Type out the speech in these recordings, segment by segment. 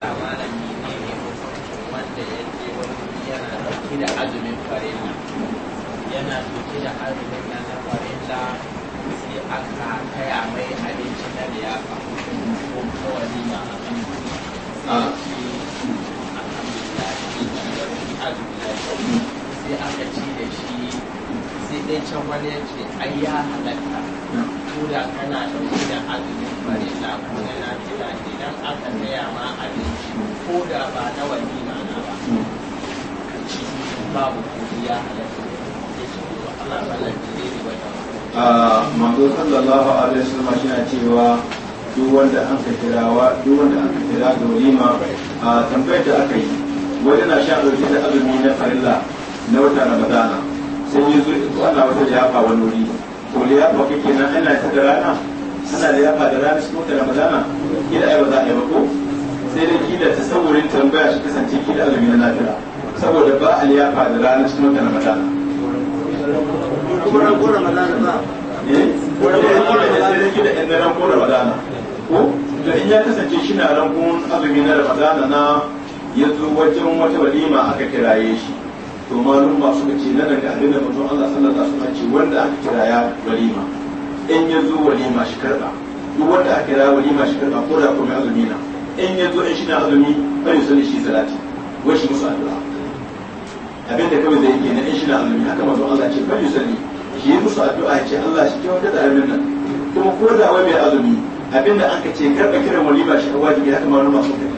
da azumin farilla yana dauke da azumin nan na farilla sai aka kaya mai abinci na liyafa ko kawai ma abinci sai aka ci da shi sai dai can wani ya ce ai ya halatta ko da kana ɗauke da azumin farilla ko na nafila idan aka gaya ma abinci ko da ba na wani na ba ka ci babu kudi ya halatta ya ce Allah mallaki ne ba ne wata manzo sallallahu alaihi wasallam shi na cewa duk wanda an ka kirawa duk wanda an ka kira da walima a tambayar da aka yi wani na sha ɗauke da azumi na farilla na wata ramadana sai yi zuwa Allah wata liyafa wani wuri to liyafa kake nan ana ta rana ana liyafa da rana shi da ramadana kila ai ba za a yi ba ko sai dai kila ta saurin tambaya shi kasance kila azumi na lafiya saboda ba a liyafa da rana shi da ramadana kuran kuran ramadana ba eh kuran kuran da sai kila in ran kuran ramadana ko da in ya kasance shi na ran kun azumi na ramadana na ya wajen wata walima aka kiraye shi to malum ba suka ce nan daga abin da mutum Allah sallallahu alaihi wasallam ce wanda aka kira ya walima in ya zo walima shi karba duk wanda aka kira walima shi karba ko da kuma azumi na in ya zo in shi na azumi ya sani shi salati wai shi musu addu'a abin da kawai zai yi kenan in shi na azumi haka manzo Allah ce ya sani shi yi musu addu'a ce Allah shi kyauta da abin nan kuma ko da wai mai azumi abinda an ka ce karba kiran walima shi wajibi haka malum ba suka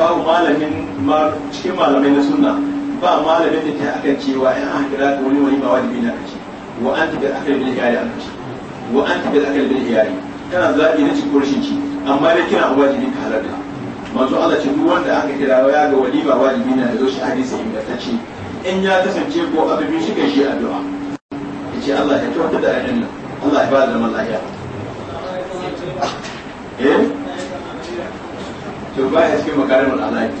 babu malamin cikin malamai na sunna ba malamin da ta akan cewa in an kira ka wani wani ba wajibi na kace wa an tabi akal bil iyali an kace wa an tabi akal bil iyali kana zabi na cikin rashin ci amma dai kina wajibi ka halarta manzo Allah ce duk wanda aka kira ya ga wali ba wajibi na da zo shi hadisi ingantacce in ya kasance ko abin shi kai shi addu'a yace Allah ya kyautar da ayyukan nan Allah ya ba da malaika eh to ba ya cikin makarimul alaiki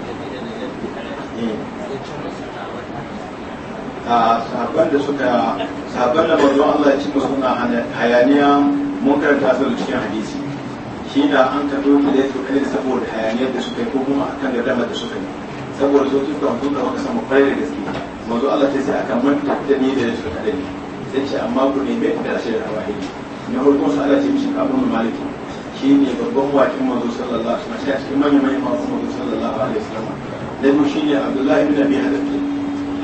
a sabon da suka sabon da manzon Allah ya ci musu na hayaniya mun karanta su da cikin hadisi shi da an ta doki da yake kai saboda hayaniyar da suka yi ko kuma akan gadamar da suka yi saboda su tuka mun da muka samu kwarai da gaske manzon Allah ta sai aka manta da ni da suka da ni sai ce amma ku ne mai da shi da hawaye ne hulkun sa Allah ce mishi kabun maliki shi ne babban wakin mazo sallallahu alaihi wasallam cikin manyan manyan masu mazo sallallahu alaihi wasallam na mu shi ne abdullahi ibn abi hadar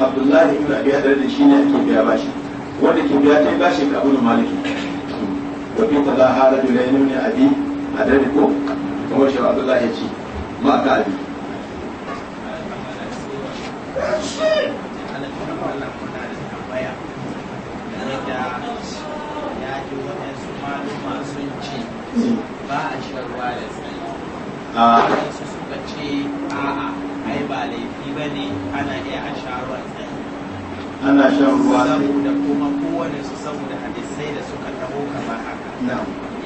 abdullahi ibn abi hadar da shi ne ake biya bashi wanda ke biya ta bashi ka abu maliki wa bi ta da a hada da ne abi hadar ko kuma shi abdullahi ya ci ma ka abi su suka ce a'a ai ba laifi ba ne ana iya a sha ana shan ruwa saboda kuma kowane su saboda hadisai da suka taho kamar haka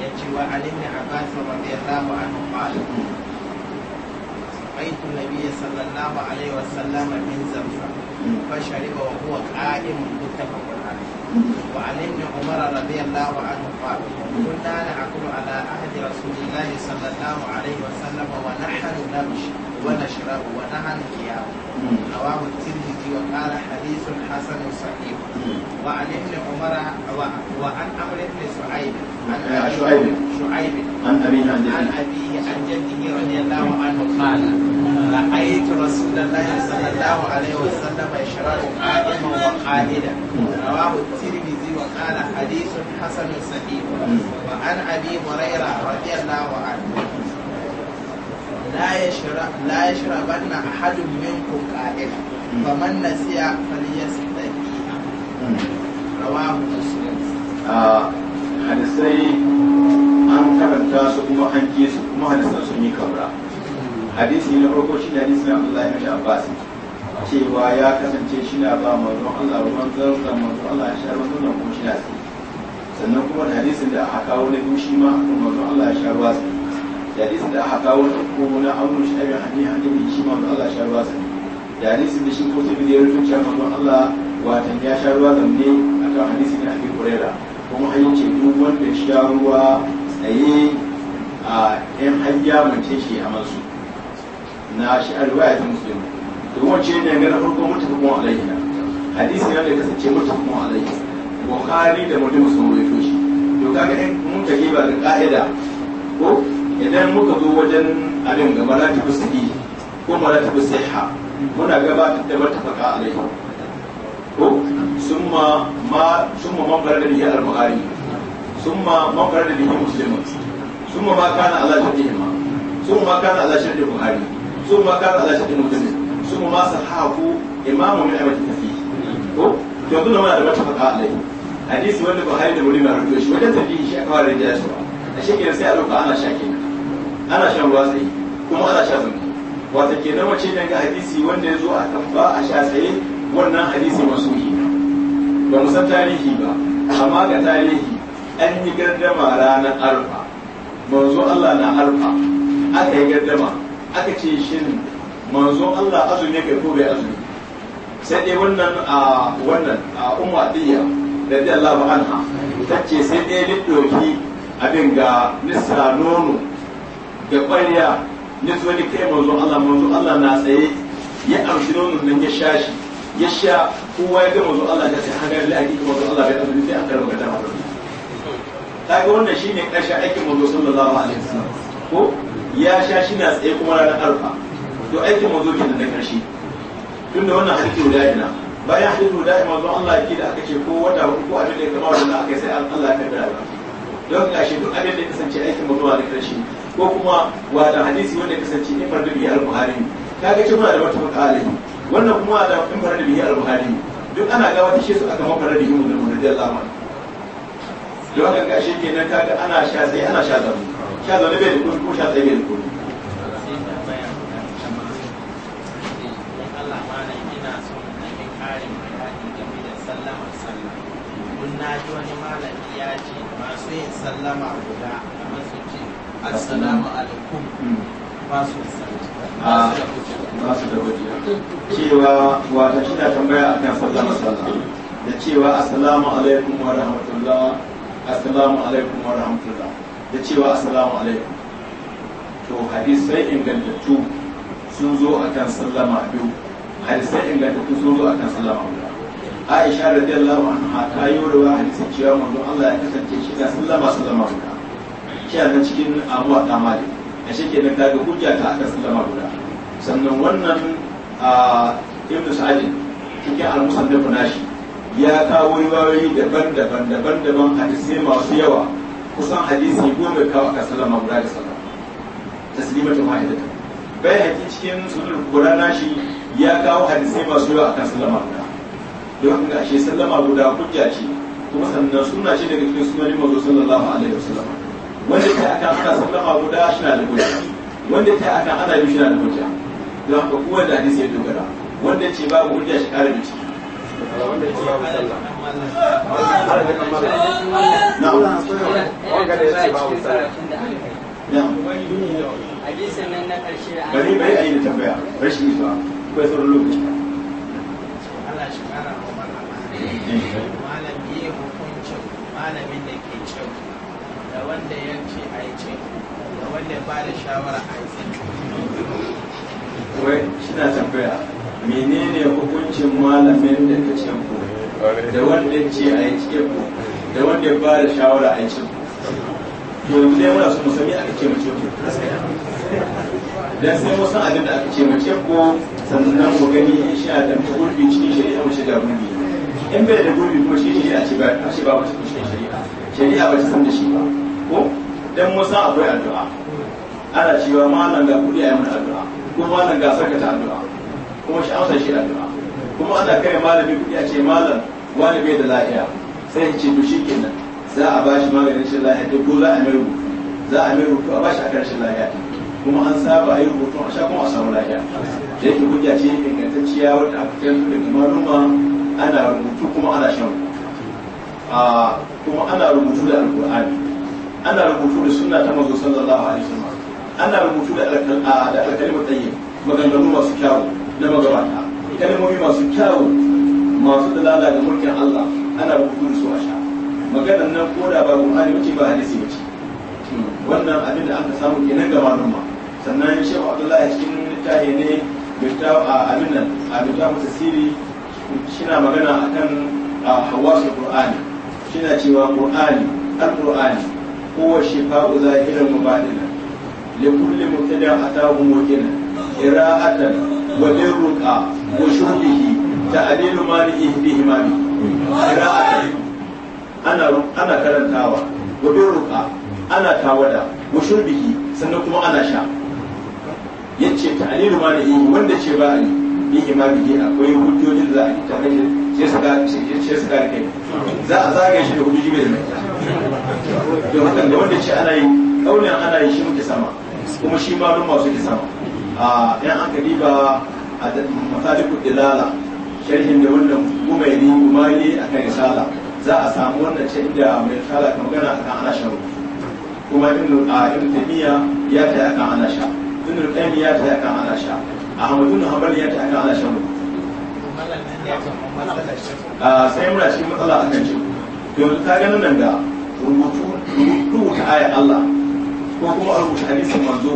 ya ce wa alim ne a gasa ba bai zama a nufali رأيت النبي صلى الله عليه وسلم من زمزم فشرب وهو قائم متفق عليه وعن ابن عمر رضي الله عنه قال كنا نأكل على عهد رسول الله صلى الله عليه وسلم ونحن نمشي ونشرب ونحن قيام رواه الترمذي وقال حديث حسن صحيح وعن ابن عمر وعن عمرو بن سعيد عن شعيب شعيب عن أبيه عن جده عن أبيه عن جده رضي الله عنه قال رأيت رسول الله صلى الله عليه وسلم يشرب قائما وقائدا رواه الترمذي وقال حديث حسن صحيح وعن أبي هريرة رضي الله عنه لا يشرب لا يشربن أحد منكم قائلا فمن نسي فليستحيها رواه مسلم آه، hadisai an karanta su kuma an ke su kuma hadisan sun yi kamra. hadisi na farko shi ne hadisi na Abdullahi bin Abbas cewa ya kasance shi na ba manzon Allah ruwan zarfan manzon Allah ya sha ruwan zarfan kuma shi na sai sannan kuma da hadisin da aka kawo na biyu shi ma kuma manzon Allah ya sha ruwa sai da hadisin da aka kawo na uku na amru shi abin hadin hadin shi ma manzon Allah ya sha ruwa sai da hadisin da shi ko sai bidiyar rubuta manzon Allah watan ya sha ruwa ne akan hadisi na Abi Hurairah kuma an ce duk wanda sha ruwa tsaye a yan hanya mace shi a masu na shi a riwaya ta musulmi domin ce ne na farko kuma alayhi na hadisi na da kasance mutafakun alayhi bukhari da mutum sun rubuto shi to kaga in mun tafi ba da ka'ida ko idan muka zo wajen abin ga maratibu sahi ko maratibu ha muna gabatar da mutafaka alayhi ko ثم ما ثم من فرد به على ثم من فرد به مسلم ثم ما كان على شرطهما ثم ما كان على شرط البخاري ثم ما كان على شرط مسلم ثم ما صححه امام من ائمه التفسير ko to yanzu muna da mutafaka hadisi wanda buhari da muslim rubuta shi wajen shi aka ware da shi a shekin sai a roƙa ana sha ana shan ruwa kuma ana kenan wace ne ga hadisi wanda ya zo a tamba a sha tsaye wannan hadisi masu ba mu san tarihi ba amma ga tarihi an yi gardama ranar arfa manzo Allah na arfa aka yi gardama aka ce shin manzo Allah azumi kai ko bai azumi sai dai wannan a wannan a ummu Allah ba anha tace sai dai liddoki abin ga nisra nono da kwariya ni zo ni kai manzo Allah manzo Allah na tsaye ya amshi nono nan ya shashi ya sha kowa ya gama zuwa Allah ya sai haka da aiki kuma zuwa Allah ya tabbata sai an karɓa gata ma kaga wannan shine ƙarshen aikin manzo sallallahu alaihi wa wasallam ko ya sha shi na tsaye kuma ranar arfa to aikin manzo kenan na ƙarshe da wannan hadisi guda yana bayan hadisi guda yana manzo Allah ya da aka ce ko wata hudu ko abin da ya kama wannan aka sai Allah ya kaddara don gashi duk abin da ya kasance aikin manzo na ƙarshe ko kuma wata hadisi wanda ya kasance ne fardu bi al-buhari kaga ce muna da wata mukalimi wannan kuma da in fara da bihi al-buhari duk ana ga wata shi su aka da bihi mun da Allah man don haka ga shi kenan kaga ana sha sai ana sha zamu sha zamu bai da ko sha sai bai ji wani malami ya masu yin sallama guda kamar su ce assalamu alaikum mm. ba sallama a masu da wajiya cewa wata shida tambaya a kan sallah masalla da cewa assalamu alaikum wa rahmatullah assalamu alaikum wa rahmatullah da cewa assalamu alaikum to hadisai ingantattu sun zo a kan sallama biyu hadisai ingantattu sun zo a kan sallama biyu aisha radiyallahu anha ta yi wa hadisi cewa manzon Allah ya kasance shi da sallama sallama guda shi a cikin abuwa ta mali a shi ke nan kaga hujja ta aka sallama guda sannan wannan a ibn sa'adin cikin al-musannaf nashi ya kawo riwayoyi daban-daban daban-daban hadisi masu yawa kusan hadisi goma kawo aka sallama guda da sallama taslimatu wahidatan bai haƙi cikin sunan guda nashi ya kawo hadisi masu yawa akan sallama guda don ga shi sallama guda hujja ce kuma sannan suna ce daga cikin sunanin mazo sallallahu alaihi wasallam wanda ta akan aka sallama guda shi na da hujja wanda ta akan ana yi shi na da hujja don haka kuma da hadisi ya dogara wanda ce hujja shi kare a yi da tambaya rashin yi ba akwai sauran lokaci malam malamin da ke cewa da wanda ya ce a yi ce da wanda ba da shawara a yi shi na tambaya menene hukuncin malamin da ka ku? da wanda ce a yi ku? da wanda ya bada shawara a yi cinku to yanzu dai muna su musami aka ce mace ku dan sai wasu abin da aka ce mace ku? sannan mu gani in sha da gurbi cikin shari'a mu shiga gurbi in bai da gurbi kuma shi a ce ba a ce ba mu cikin shari'a shari'a ba ta san da shi ba ko dan musa akwai addu'a ana cewa malam ga kudi a yi mana addu'a kuma wannan gasar ka ta addu'a kuma shi amsa shi addu'a kuma ana kai malami kudi a ce malam wani bai da lafiya sai ya ce to shi kenan za a bashi maganin shi lafiya duk ko za a mai rubutu za a mai rubutu a bashi a karshen lafiya kuma an saba a yi rubutu a sha kuma a samu lafiya da yake hujja ce ingantacciya wadda aka kai su daga maluma ana rubutu kuma ana shan kuma ana rubutu da alkur'ani ana rubutu da sunna ta mazo sallallahu alaihi wasallam ana rubutu da alkalimar tsaye maganganu masu kyawu na magabata kalmomi masu kyawu masu dalala da mulkin Allah ana rubutu da su a sha maganar nan ko da ba Qur'ani wace ba hadisi wace wannan abin da aka samu kenan ga maluma sannan Sheikh Abdullahi cikin littafi ne a abin nan a littafin tasiri shina magana akan hawasul Qur'ani shina cewa Qur'ani al-Qur'ani huwa shifa'u zahirin mubadilan لكل مبتدع أتاه موكلا قراءة وبالرقى وشربه تعليل ماله بهما به إراءة أنا أنا كرنتاوى وبالرقى أنا تاودا وشربه سنكم أنا شا yace ta'lilu ma da yi wanda ce ba ni bihi ma bihi akwai hujjojin za a ta rage sai su ga sai su ga kai za a zagaye shi da hujjoji mai da mai don haka da wanda ce ana yi kaunin ana yi shi muke sama kuma shi ma don masu isa a yan bi ba a matalikun dilala sharhin da wannan kumairi umari a kan risala za a samu wannan ce inda mai risala kan magana a kan ana shan kuma ibn ibn taymiya ya ta kan ana sha ibn qayyim ya ta kan ana sha ahmad ibn hanbal ya ta kan ana a sai mura shi matsala kan ci to ta ganin nan da rubutu rubutu ta ayat Allah ko kuma a rubuta hadisin manzo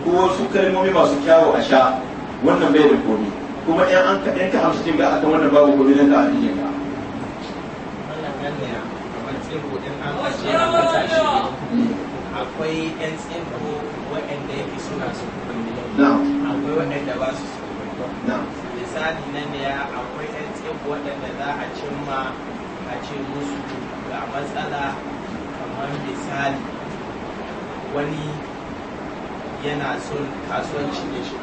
ko wasu kalmomi masu kyawo a sha wannan bai da komi kuma in an ka in ka hamsu jin ga akan wannan babu komi nan da addinin ka akwai yan tsinko waɗanda ya yake suna su akwai waɗanda ba su su misali na ne akwai yan tsinko waɗanda za a cimma a ce musu ga matsala kamar misali wani yana son kasuwanci ne shi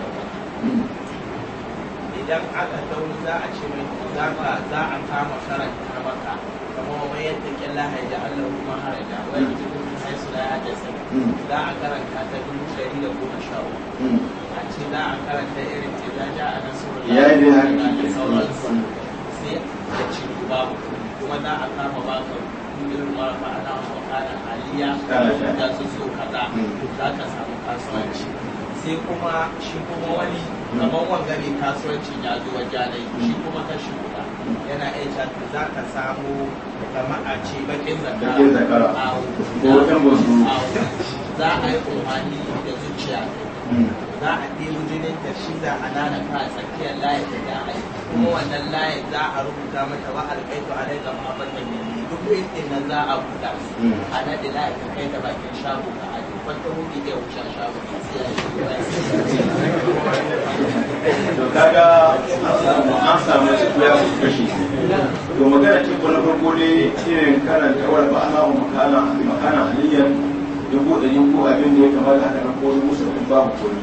idan aka dauri za a ce mai za ka za a kama karanta maka kuma wa yadda kyalla haida Allah kuma haraja wa yadda kuma sai su da ya sai za a karanta ta dubu ɗari da goma sha uku hmm. a ce za a karanta irin ce za a nasu ya yi da sai kuma shi kuma wani kamar wanga mai kasuwancin ya zo wajenai shi kuma ka shigo yana aisha za ka samu jama'a ce bakin zakara za a yi umarni da zuciya za a ɗebi jinin da shi za a ka a tsakiyar layin da za a yi kuma wannan layin za a rubuta mata wa alƙaitu a rai da muhammad da duk ɗin nan za a buɗa a naɗi layin ta kai da bakin shago to kaga an samu ya su kashi to magana ce ko na farko dai irin karanta wani ba ana wa makana makana halayyar dubu ɗari ko abin da ya kamata haka na ko dubu sabbin babu komi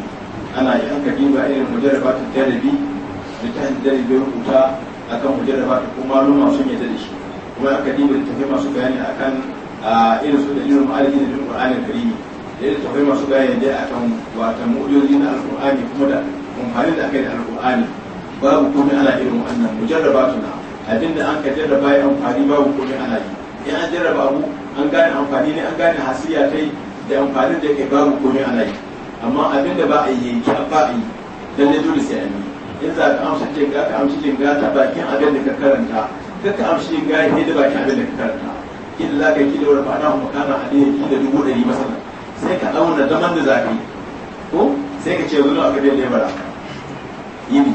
ana yi haka diba irin mujarraba ta jarabi da ta jarabi rubuta akan mujarraba ta ko maluma sun yadda da shi kuma aka diba da tafi masu bayani kan ah, irin su da irin ma'alikin da Qur'ani Karimi da ya tafai masu bayan dai a kan wata mu'ujoji na alƙur'ani kuma da amfani da aka yi da alƙur'ani babu komai ana irin wannan mu jarraba tuna abinda an ka jarraba ya amfani babu komai ana yi in an jarraba mu an gane amfani ne an gane hasiya ta yi da amfanin da ke babu komai ana yi amma abinda ba a yi yanki ba a yi dan ne dole sai an yi in za ka amsa jinga ka amsa jinga ta bakin abin da ka karanta ka ka amsa jinga ya da bakin abin da ka karanta illa ka kila wani ma'ana kuma kana aliyya da dubu ɗari masana sai ka ɗauna zaman da zafi ko sai ka ce zuwa aka biya lebara yini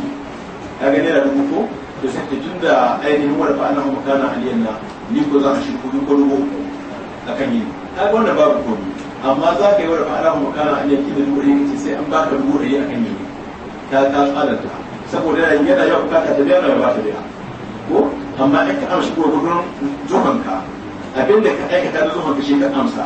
ka gani da dubu ko to sai ta tun da ainihin wadda ana hama kana aliyan na ni ko za a shi kudu ko dubu a kan yini ka ga wannan babu ko amma za ka yi warfa ana hama kana aliyan kila dubu ɗaya ce sai an baka dubu ɗaya a kan yini ka ka ta saboda yana yau ka ta biya na ba ta biya ko amma in ka amshi gurgurun zuhanka abinda ka aikata da ka shi ka amsa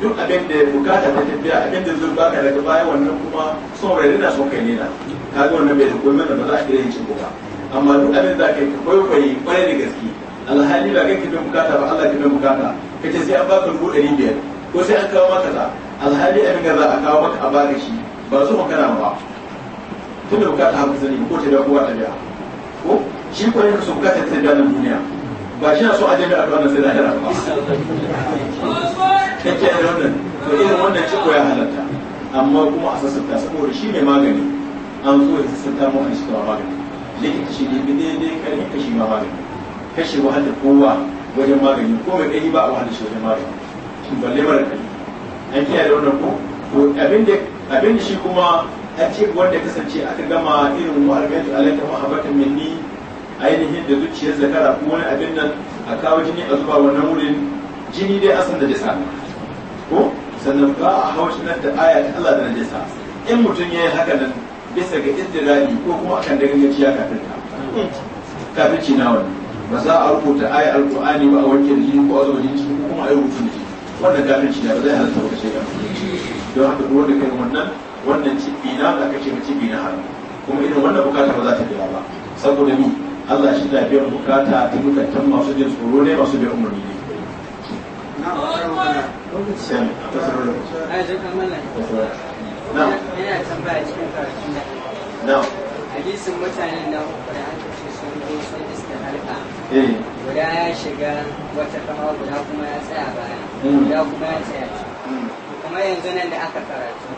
duk abin da bukata ta tafiya abin da zai baka daga baya wannan kuma son rai na son kai ne na ga wannan bai koyi mana ba za a iya yin cin ba amma duk abin da ka koyi koyi kwarai da gaske alhali ba kai ka bin bukata ba Allah ka bin bukata kace sai an ka dubu ni biyar ko sai an kawo maka za alhali abin da za a kawo maka a baka shi ba su kana ba tunda bukata haka sani ko ta da kowa ta biya ko shi kwarai ka so bukata ta da duniya ba shi na so a jami'a a wannan sai lahira ba kan kiyaye wannan to irin wannan ciko ya halatta amma kuma a sassanta saboda shi mai magani an so ya sassanta mu an shiga magani likita shi ne daidai karfin kashi ma magani kashe wahalar kowa wajen magani ko mai ɗari ba a wahalar shi wajen magani balle mara kai an kiyaye da wannan ko abin da shi kuma an ce wanda ya kasance aka gama irin mu'argatu alaika mahabbatan minni ainihin da zuciyar zakara ko wani abin nan a kawo jini a zuba wannan wurin jini dai asan da jisa ko sannan ba a nan da aya ta Allah da najasa in mutum ya yi haka nan bisa ga iddirabi ko kuma akan da gangaciya kafin ta kafin ci nawa ba za a rubuta aya alkur'ani ba a wanke da jini ko a zuba jini ko kuma a yi rubutu da jini wannan kafin ci ba zai halatta wata shaida don haka ko wanda kai wannan wannan cibi na da ce mace bi na hannu kuma irin wannan bukata ba za ta biya ba saboda ni Allah shi da biyan bukata ta bukatan masu jin tsoro ne masu biyan umarni ne yana tambaya cikin hadisin mutanen da da aka ce sun zo sun iska halka guda ya shiga wata kafa guda kuma ya tsaya baya guda kuma ya tsaya kuma yanzu nan da aka karatu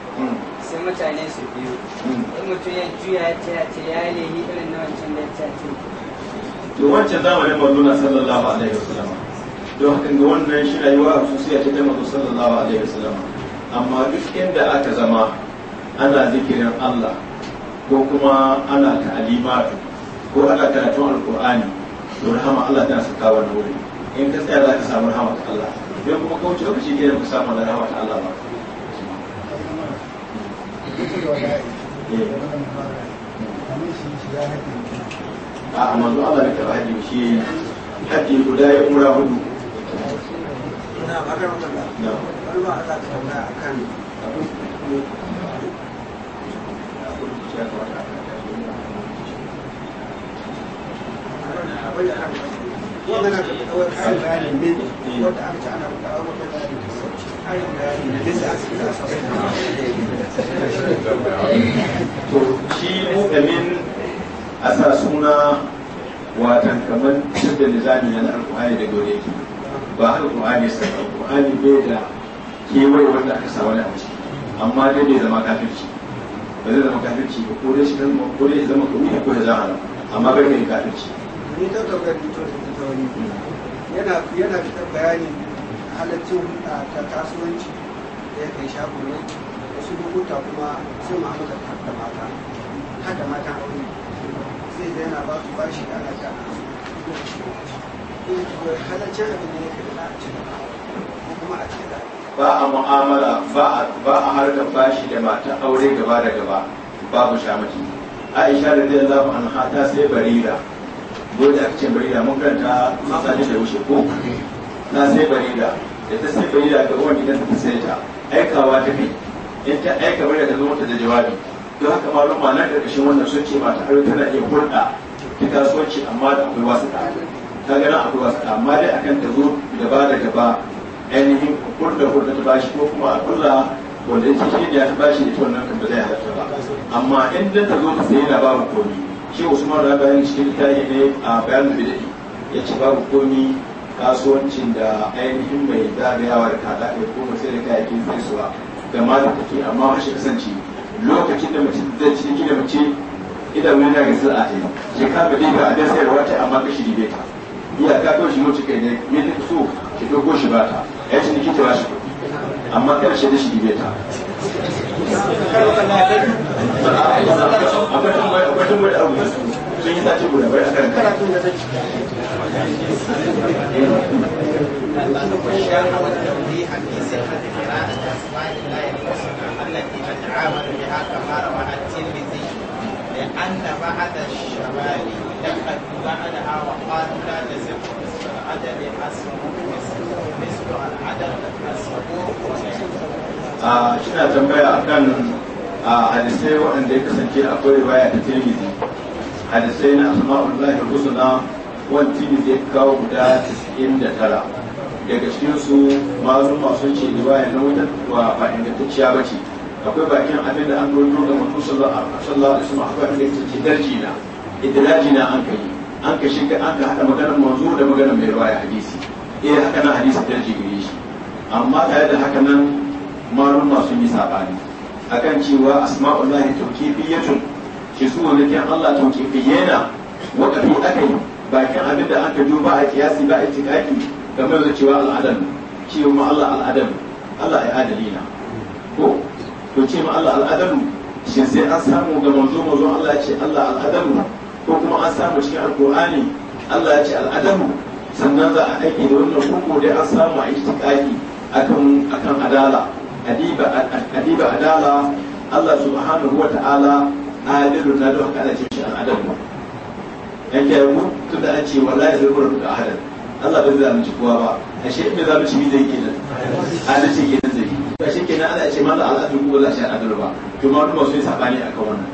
sai mutane su biyu in mutum ya juya ya tsaya ce ya irin na wancan da ya tsaya to wancan zamanin manzuna sallallahu alaihi wasallam don inda wannan shi rayuwa a hususiya ta ta manzo sallallahu alaihi wasallam amma duk inda aka zama ana zikirin Allah ko kuma ana ta'alimatu ko ana karatun alkur'ani to rahama Allah tana saka wannan wuri in ka tsaya za ka samu rahama ta Allah don kuma ko wuce lokaci ke da samu rahama ta Allah ba eh. a manzo Allah ne ta hadi shi hadi guda ya umra hudu na magana wannan wani ba Allah ta akan to shi suna watan kamar da nizami na alkuhari da gore ba haka qur'ani sai qur'ani bai da kewaye wanda aka sa wani a ciki amma dai bai zama kafirci ba zai zama kafirci ba ko dai shi zama ko dai zama kuma ko ya zama amma bai kai kafirci ni ta tabbatar da ta wani yana yana fitar bayani halaccin ta kasuwanci da ya kai shagunan wasu lokuta kuma sai mu haɗa da mata haɗa mata aure sai yana ba su bashi da alaƙa ba a mu'amala ba a harkar bashi da mata aure gaba da gaba babu shamaki aisha da zai zafi an hata sai barira dole aka cikin barira mun karanta misali da wuce ko na sai barira da ta sai barira ga uwan gidan ta sai ta aikawa ta kai in ta aika barira ta zama ta da jawabi don haka ma ma nan karkashin wannan sun ce mata aure tana iya hulɗa ta kasuwanci amma da akwai wasu ta. ta gana a sata amma dai akan ta zo gaba da gaba ainihin kurda kurda ta bashi ko kuma kulla wanda ya ce shi ya ta bashi ne wannan kan ba zai halatta ba amma in da ta zo ta sayi na babu komi shi usman da bayan cikin yi ne a bayanin bidi ya ce babu komi kasuwancin da ainihin mai zagayawa da kada kai ko mai sai da kayayyakin sai suwa da mata take amma shi kasance lokacin da mace zai ci da mace idan wani na ga sa'a a yi shi ka dai ga adasayarwa ta amma kashi ribe ta iya ka kawai shi mace kai ne me ta so ki dogo shi ta ya ce niki ta shi amma kar shi da shi gibe ta akwai tambayar akwai tambayar abu sun yi sace guda bai akan da لأن بعد الشمال دخلوا بعدها وقالوا لا تزق العدد العدد Shina tambaya a kan hadisai waɗanda ya kasance akwai riwaya ta Tirmidhi hadisai na asma'ul lahi husna wani Tirmidhi ya kawo guda 99 daga cikin su mazuma sun ce riwaya na wuta wa ba ingantacciya ba akwai bakin abin da an rodo ga mutum sallallahu alaihi wasallam akwai abin da yake darji na idraji na an kai an ka shiga an ka hada maganar manzo da maganar mai riwaya hadisi eh haka nan hadisi darji gare shi amma tare da haka nan malum masu yi sabani akan cewa asma'ullahi tawqifiyatun shi su wani kan Allah tawqifiyena wakafi akai bakin abin da aka duba a kiyasi ba a itikaki game da cewa al'adam cewa Allah al'adam Allah ya adalina to ce ma Allah al'adamu shi sai an samu ga manzo manzo Allah ya ce Allah al'adamu ko kuma an samu cikin alqur'ani Allah ya ce al'adamu sannan za a aiki da wannan hukumu dai an samu a itiqadi akan akan adala adiba adiba adala Allah subhanahu wa ta'ala adilun na don kana ce shi al'adalu yake mu tunda an ce wallahi zai gura duka ahadan Allah bai ci kowa ba ashe in mu ci bi zai kenan adalci kenan zai ba shi kenan ana ce mala al'adul ko za shi al'adul ba to ma duma sun sabani akan wannan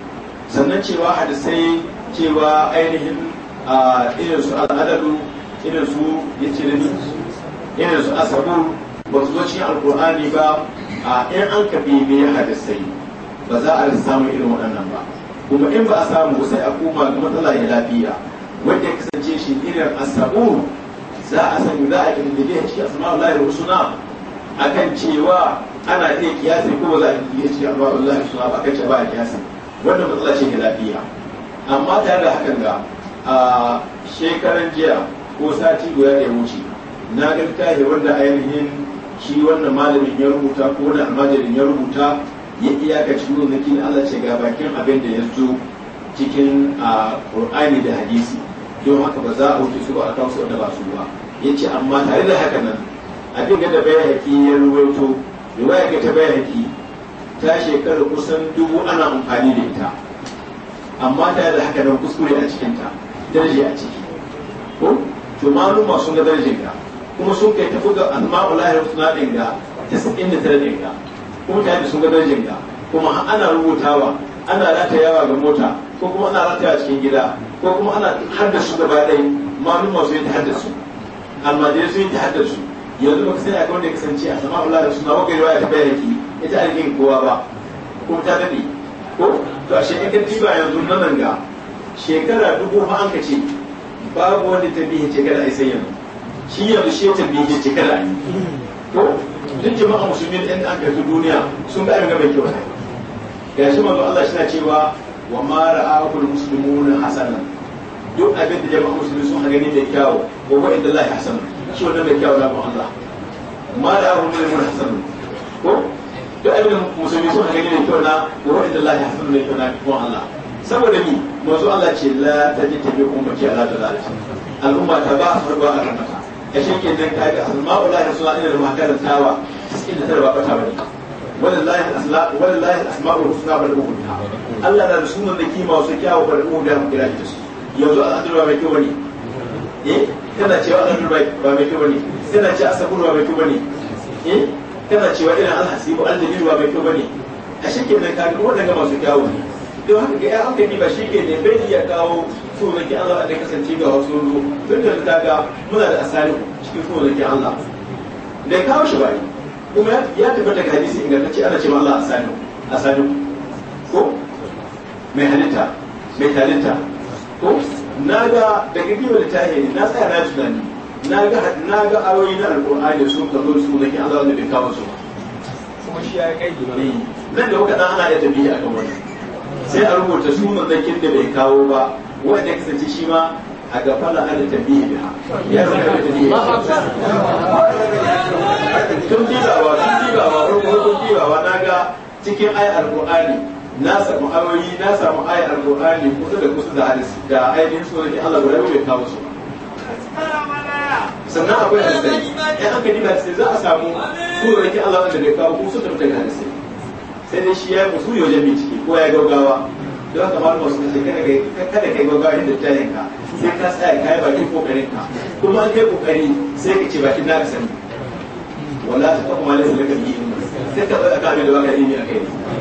sannan cewa hadisai cewa ainihin irin su al'adalu irin su yace ne irin su asabu ba su zo cikin alqur'ani ba in an ka bibiye hadisai ba za a samu irin waɗannan ba kuma in ba a samu sai a koma ga matsala ya lafiya wanda ya kasance shi irin asabu za a sani za a kirkire shi asma'ullahi husna akan cewa ana iya kiyasi kuma za a iya ce amma wallahi suna ba kace ba a kiyasi wannan matsala ce lafiya amma tare da hakan ga a shekaran jiya ko sati guda da ya wuce na ga tahe wanda ainihin shi wannan malamin ya rubuta ko wani almajirin ya rubuta ya iyakaci nunakin Allah ce ga bakin abin da ya zo cikin Qur'ani da hadisi don haka ba za a wuce su ba a kawo su wanda ba su ba ya ce amma tare da hakan nan abin da bayaki ya ruwaito riwaya ga ta ki ta shekara kusan dubu ana amfani da ita amma ta da haka nan kuskure a cikin ta daraje a ciki ko to maluma sun ga darajar ga kuma sun kai tafi ga asma'ullahi husna din ga da tare ga kuma ta yi sun ga darajar ga kuma ana rubutawa ana yawa ga mota ko kuma ana a cikin gida ko kuma ana haddasa gaba ɗaya maluma sun yi ta haddasa almajirai sun yi ta haddasa yanzu ba ka sani akwai wanda ya kasance a sama Allah da suna wanda riwaya ta bayar ki ita alƙin kowa ba ko ta tafi ko to a shekarar tiba yanzu na nan ga shekara dubu ma an ka babu wanda ta bihe ce kada a yi sai yanzu shi yanzu shi ta bihe ce kada a yi ko duk jama'a musulmi da an karfi duniya sun ga abin mai kyau ne ga shi manzo Allah shi na cewa wa ma ra'akul muslimuna hasanan duk abin da jama'a musulmi sun gani da kyawu wa wa'inda Allah hasanan shi wannan mai kyau Allah ma da abu mai mun hasan ko da abin musulmi sun gani ne kyau na wa inda Allah hasan kyau na Allah saboda ni Allah ce la ummati ala al'umma ta ba a ramata a shekin nan tawa bane wallahi asla wallahi husna bal Allah da sunan da kima su kyawu bal kira shi yanzu mai kyau ne eh tana cewa alhamdu ba mai kyau bane tana cewa asabun ba mai kyau bane eh tana cewa irin alhasibu aldabiru ba mai kyau bane a shi kenan ka ga waɗanda masu kyawu ne don haka ga ya aka yi ba shi ke ne bai iya kawo tsoron ki Allah da kasance ga wasu ruwa tun da ta ga muna da asali cikin tsoron ki Allah da kawo shi bai kuma ya tabbata ga hadisi ce ana cewa Allah asali asali ko mai halitta mai talinta ko na ga daga biyu da tahiri na tsaya na tunani naga naga na ga ayoyi na alqur'ani su ka zo su da ke Allah da bai kawo su kuma shi ya kai gina eh, nan da kuka dan ana da tabiya akan wannan sai a rubuta su da zakin da bai kawo ba wanda kasance shi ma a ga fala ala tabiya biha ya zama da tabiya tun dibawa tun dibawa farko tun ba na ga cikin ayar alqur'ani na samu aure na samu ayar alqur'ani ko da kusa da hadisi da ainihin sunan da Allah guda bai kawo su sannan akwai Ya in aka diba sai za a samu sunan da Allah wanda bai kawo kusa da hadisi sai dai shi ya yi musu yoje mi ciki ko ya gaugawa don haka malama su ce kada kai gaugawa inda jayin ka sai ka sai ka yi ki kokarin ka kuma an kai kokari sai ka ce bakin naka sani wala ta kuma lalle ka yi sai ka tsaya ka da yi ilimi a kai